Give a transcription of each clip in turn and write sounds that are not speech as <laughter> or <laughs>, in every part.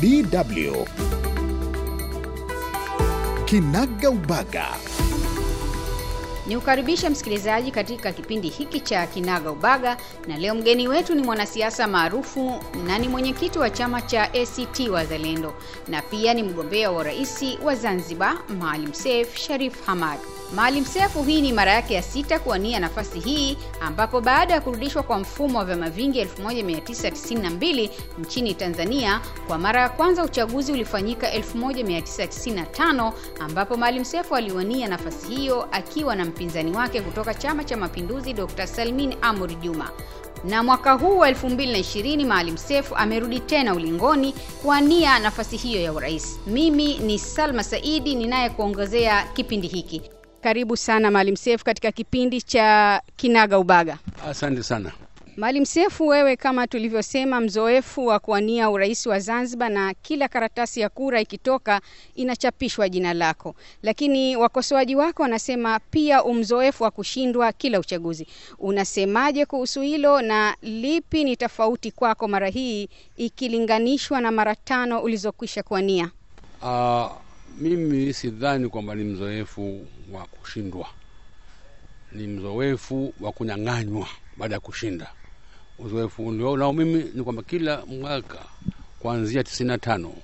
bw kinaga ubaga ni ukaribishe msikilizaji katika kipindi hiki cha Kinaga Ubaga, na leo mgeni wetu ni mwanasiasa maarufu na ni mwenyekiti wa chama cha ACT Wazalendo na pia ni mgombea wa urais wa Zanzibar, Maalim Seif Sharif Hamad. Maalim Seif, hii ni mara yake ya sita kuwania nafasi hii, ambapo baada ya kurudishwa kwa mfumo wa vyama vingi 1992 nchini Tanzania, kwa mara ya kwanza uchaguzi ulifanyika 1995 ambapo Maalim Seif aliwania nafasi hiyo akiwa na mpinzani wake kutoka Chama cha Mapinduzi Dr. Salmin Amur Juma. Na mwaka huu wa 2020 Maalim sefu amerudi tena ulingoni kuania nafasi hiyo ya urais. Mimi ni Salma Saidi ninayekuongezea kipindi hiki. Karibu sana Maalim sefu katika kipindi cha Kinaga Ubaga. Asante sana. Maalim Sefu, wewe kama tulivyosema, mzoefu wa kuwania urais wa Zanzibar, na kila karatasi ya kura ikitoka inachapishwa jina lako, lakini wakosoaji wako wanasema pia umzoefu wa kushindwa kila uchaguzi. Unasemaje kuhusu hilo, na lipi ni tofauti kwako mara hii ikilinganishwa na mara tano ulizokwisha kuwania? Uh, mimi sidhani kwamba ni mzoefu wa kushindwa, ni mzoefu wa kunyang'anywa baada ya kushinda. Uzoefu nao mimi ni kwamba kila mwaka kuanzia tisini na tano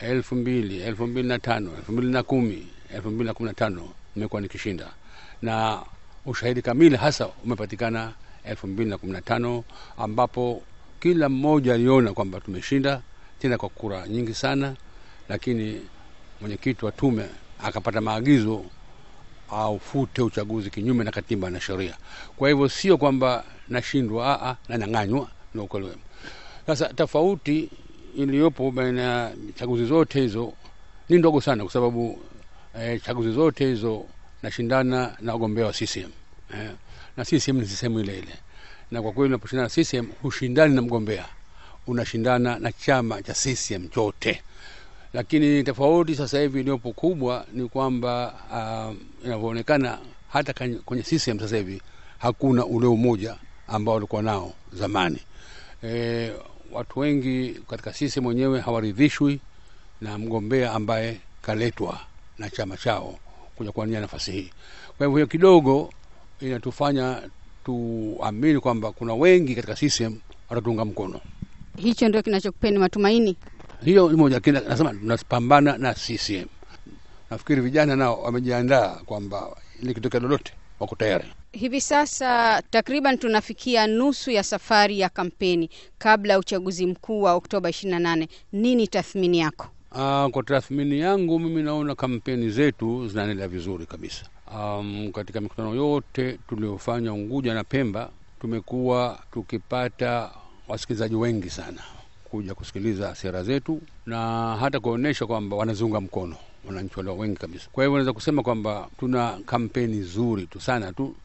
elfu mbili elfu mbili na tano elfu mbili na kumi elfu mbili na kumi na tano nimekuwa nikishinda, na ushahidi kamili hasa umepatikana elfu mbili na kumi na tano ambapo kila mmoja aliona kwamba tumeshinda tena kwa kura nyingi sana, lakini mwenyekiti wa tume akapata maagizo aufute uchaguzi kinyume na katiba na sheria. Kwa hivyo sio kwamba nashindwa, a na nanyang'anywa na ukweli wema. Sasa tofauti iliyopo baina ya chaguzi zote hizo ni ndogo sana, kwa sababu eh, chaguzi zote hizo nashindana na wagombea wa CCM eh, na CCM ni sehemu ile ile, na kwa kweli unaposhindana na CCM hushindani na mgombea, unashindana na chama cha CCM chote lakini tofauti sasa hivi iliyopo kubwa ni kwamba uh, inavyoonekana hata kwenye CCM sasa hivi hakuna ule umoja ambao walikuwa nao zamani. E, watu wengi katika CCM wenyewe hawaridhishwi na mgombea ambaye kaletwa na chama chao kuja kuania nafasi hii. Kwa hivyo kidogo inatufanya tuamini kwamba kuna wengi katika CCM watatuunga mkono. Hicho ndio kinachokupeni matumaini? hiyo moja, lakini nasema tunapambana na CCM. Nafikiri vijana nao wamejiandaa kwamba ili kitokea lolote wako tayari. Hivi sasa takriban tunafikia nusu ya safari ya kampeni kabla ya uchaguzi mkuu wa Oktoba 28. Nini tathmini yako? Uh, kwa tathmini yangu mimi naona kampeni zetu zinaendelea vizuri kabisa. Um, katika mikutano yote tuliyofanya Unguja na Pemba tumekuwa tukipata wasikilizaji wengi sana kuja kusikiliza sera zetu na hata kuonyesha kwamba wanaziunga mkono wananchi walio wengi kabisa. Kwa hivyo naweza kusema kwamba tuna kampeni nzuri tu sana tu.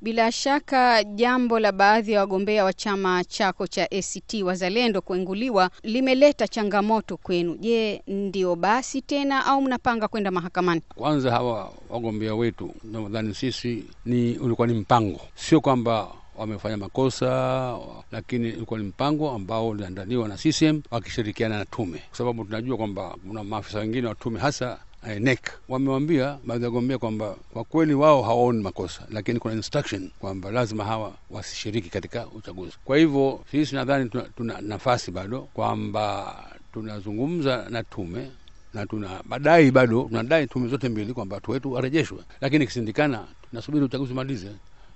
Bila shaka, jambo la baadhi ya wagombea wa chama chako cha ACT Wazalendo kuenguliwa limeleta changamoto kwenu. Je, ndio basi tena au mnapanga kwenda mahakamani? Kwanza hawa wagombea wetu, nadhani sisi ni ulikuwa ni mpango, sio kwamba wamefanya makosa, lakini ilikuwa ni mpango ambao uliandaliwa na CCM wakishirikiana na tume, kwa sababu tunajua kwamba kuna maafisa wengine wa tume hasa eh, NEC wamewambia baadhi ya kwamba kwa kweli wao hawaoni makosa, lakini kuna instruction kwamba lazima hawa wasishiriki katika uchaguzi. Kwa hivyo sisi nadhani tuna, tuna nafasi bado kwamba tunazungumza na tume na tuna madai bado tunadai tume zote mbili kwamba watu wetu warejeshwe, lakini ikishindikana, tunasubiri uchaguzi umalize,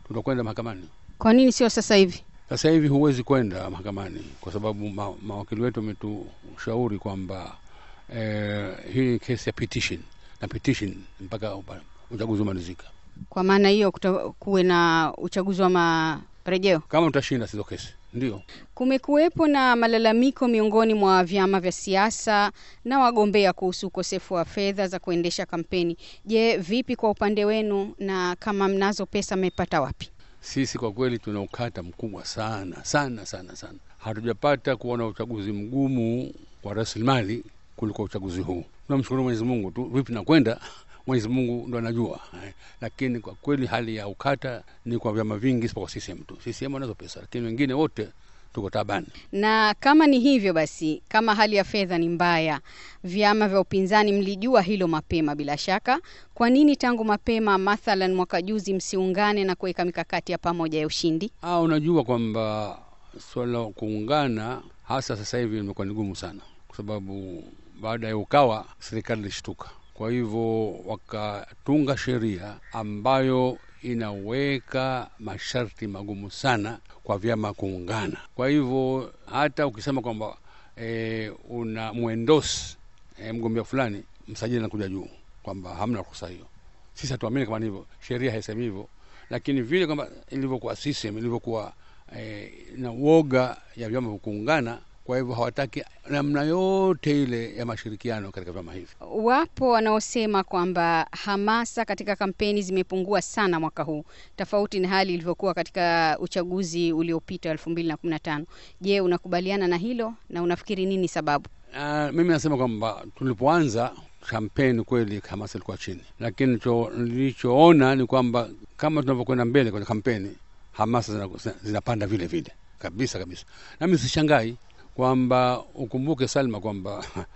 tutakwenda mahakamani. Kwa nini sio sasa hivi? Sasa hivi huwezi kwenda mahakamani kwa sababu ma, mawakili wetu wametushauri kwamba eh, hii kesi ya petition na petition mpaka uchaguzi umalizika. Kwa maana hiyo kuwe na uchaguzi wa marejeo kama utashinda sizo kesi. Ndio kumekuwepo na malalamiko miongoni mwa vyama vya siasa na wagombea kuhusu ukosefu wa fedha za kuendesha kampeni. Je, vipi kwa upande wenu, na kama mnazo pesa mmepata wapi? sisi kwa kweli tuna ukata mkubwa sana sana sana sana. Hatujapata kuona uchaguzi mgumu kwa rasilimali kuliko uchaguzi huu. Tunamshukuru Mwenyezi Mungu tu, vipi nakwenda Mwenyezi Mungu ndo anajua eh. Lakini kwa kweli hali ya ukata ni kwa vyama vingi isipokuwa sisehemu tu. sisehemu anazo pesa, lakini wengine wote tuko tabani. Na kama ni hivyo basi, kama hali ya fedha ni mbaya, vyama vya upinzani mlijua hilo mapema bila shaka. Kwa nini tangu mapema, mathalan mwaka juzi, msiungane na kuweka mikakati ya pamoja ya ushindi? Ah, unajua kwamba suala la kuungana hasa sasa hivi limekuwa ni gumu sana, kwa sababu baada ya UKAWA serikali ilishtuka, kwa hivyo wakatunga sheria ambayo inaweka masharti magumu sana kwa vyama kuungana. Kwa hivyo hata ukisema kwamba e, una mwendosi e, mgombea fulani, msajili anakuja juu kwamba hamna ruhusa hiyo. Sisi hatuamini kama hivyo, sheria haisemi hivyo, lakini vile kwamba ilivyokuwa system ilivyokuwa e, na uoga ya vyama kuungana kwa hivyo hawataki namna yote ile ya mashirikiano katika vyama hivi. Wapo wanaosema kwamba hamasa katika kampeni zimepungua sana mwaka huu, tofauti na hali ilivyokuwa katika uchaguzi uliopita elfu mbili na kumi na tano. Je, unakubaliana na hilo na unafikiri nini sababu? Uh, mimi nasema kwamba tulipoanza kampeni kweli hamasa ilikuwa chini, lakini nilichoona ni kwamba kama tunavyokwenda mbele kwenye kampeni hamasa zinapanda vile vile kabisa kabisa, nami sishangai kwamba ukumbuke Salma kwamba <laughs>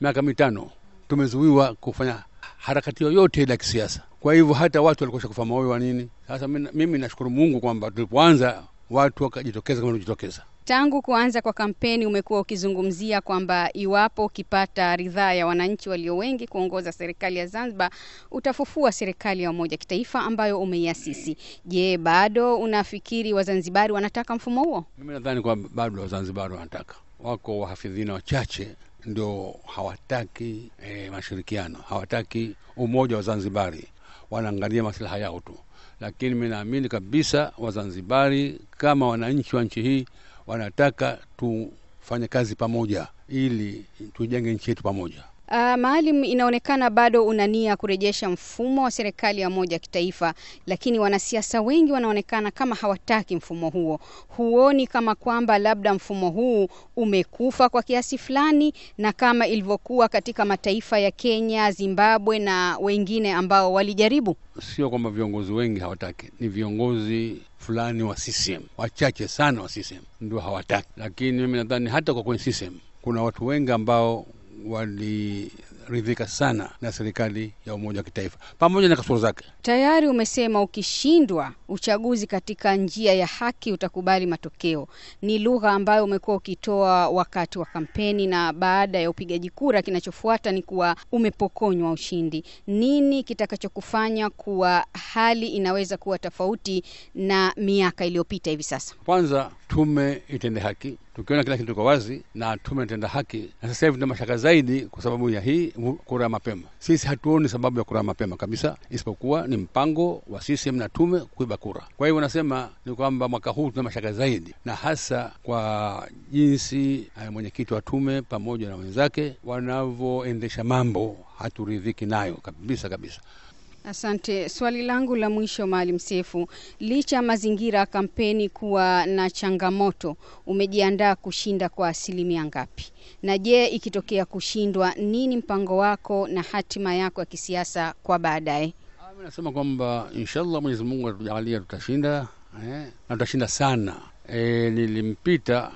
miaka mitano tumezuiwa kufanya harakati yoyote ile ya kisiasa. Kwa hivyo hata watu walikosha kufa moyo wa nini. Sasa mimi nashukuru Mungu kwamba tulipoanza watu wakajitokeza kama walivyojitokeza. Tangu kuanza kwa kampeni umekuwa ukizungumzia kwamba iwapo ukipata ridhaa ya wananchi walio wengi kuongoza serikali ya Zanzibar utafufua serikali ya umoja kitaifa ambayo umeiasisi. Je, bado unafikiri Wazanzibari wanataka mfumo huo? Mimi nadhani kwa bado Wazanzibari wanataka, wako wahafidhina wachache ndio hawataki e, mashirikiano, hawataki umoja wa Zanzibari, wanaangalia maslaha yao tu, lakini mi naamini kabisa Wazanzibari kama wananchi wa nchi hii wanataka tufanye kazi pamoja ili tujenge nchi yetu pamoja. Uh, ah, Maalim, inaonekana bado unania kurejesha mfumo wa serikali ya moja kitaifa, lakini wanasiasa wengi wanaonekana kama hawataki mfumo huo. Huoni kama kwamba labda mfumo huu umekufa kwa kiasi fulani, na kama ilivyokuwa katika mataifa ya Kenya, Zimbabwe na wengine ambao walijaribu? Sio kwamba viongozi wengi hawataki, ni viongozi fulani wa CCM, wachache sana wa CCM ndio hawataki, lakini mimi nadhani hata kwa kwenye CCM kuna watu wengi ambao waliridhika sana na serikali ya umoja wa kitaifa pamoja na kasuru zake. Tayari umesema ukishindwa uchaguzi katika njia ya haki utakubali matokeo, ni lugha ambayo umekuwa ukitoa wakati wa kampeni na baada ya upigaji kura. Kinachofuata ni kuwa umepokonywa ushindi. Nini kitakachokufanya kuwa hali inaweza kuwa tofauti na miaka iliyopita hivi sasa? Kwanza tume itende haki. Tukiona kila kitu kwa wazi na tume itenda haki, na sasa hivi tuna mashaka zaidi kwa sababu ya hii kura ya mapema. Sisi hatuoni sababu ya kura ya mapema kabisa, isipokuwa ni mpango wa CCM na tume kuiba kura. Kwa hiyo wanasema ni kwamba mwaka huu tuna mashaka zaidi, na hasa kwa jinsi eh, mwenyekiti wa tume pamoja na wenzake wanavyoendesha mambo, haturidhiki nayo kabisa kabisa. Asante. Swali langu la mwisho Maalim Sefu, licha ya mazingira ya kampeni kuwa na changamoto, umejiandaa kushinda kwa asilimia ngapi? Na je, ikitokea kushindwa, nini mpango wako na hatima yako ya kisiasa kwa baadaye? Ah, mimi nasema kwamba inshallah Mwenyezi Mungu atujaalia tutashinda, eh, na tutashinda sana. E, nilimpita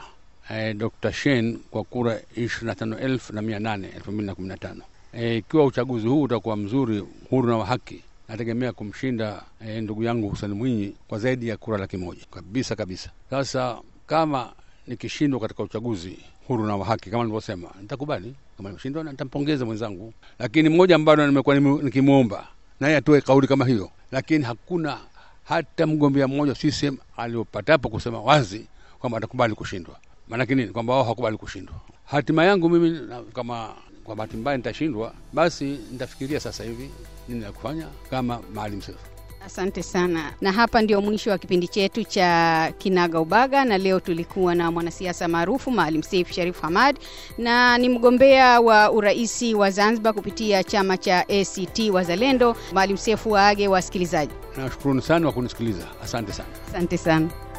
eh, Dr. Shein kwa kura ishirini na tano elfu na mia nane elfu mbili na kumi na tano. Eh, ikiwa uchaguzi huu utakuwa mzuri, huru na wa haki, nategemea kumshinda e, ndugu yangu Hussein Mwinyi kwa zaidi ya kura laki moja kabisa kabisa. Sasa kama nikishindwa katika uchaguzi huru na wa haki kama nilivyosema, nitakubali kama nimeshindwa, na nitampongeza mwenzangu, lakini mmoja ambayo nimekuwa nikimwomba naye atoe kauli kama hiyo, lakini hakuna hata mgombea mmoja CCM aliopatapo kusema wazi kwamba atakubali kushindwa. Maanake nini? Kwamba wao hawakubali kushindwa. Hatima yangu mimi kama kwa bahati mbaya nitashindwa, basi nitafikiria sasa hivi nini la kufanya kama Maalim Seif. Asante sana, na hapa ndio mwisho wa kipindi chetu cha Kinaga Ubaga, na leo tulikuwa na mwanasiasa maarufu Maalim Seif Sharif Hamad, na ni mgombea wa uraisi wa Zanzibar kupitia chama cha ACT Wazalendo. Maalim Seif waage wasikilizaji. Nashukuruni sana kwa kunisikiliza, asante sana, asante sana.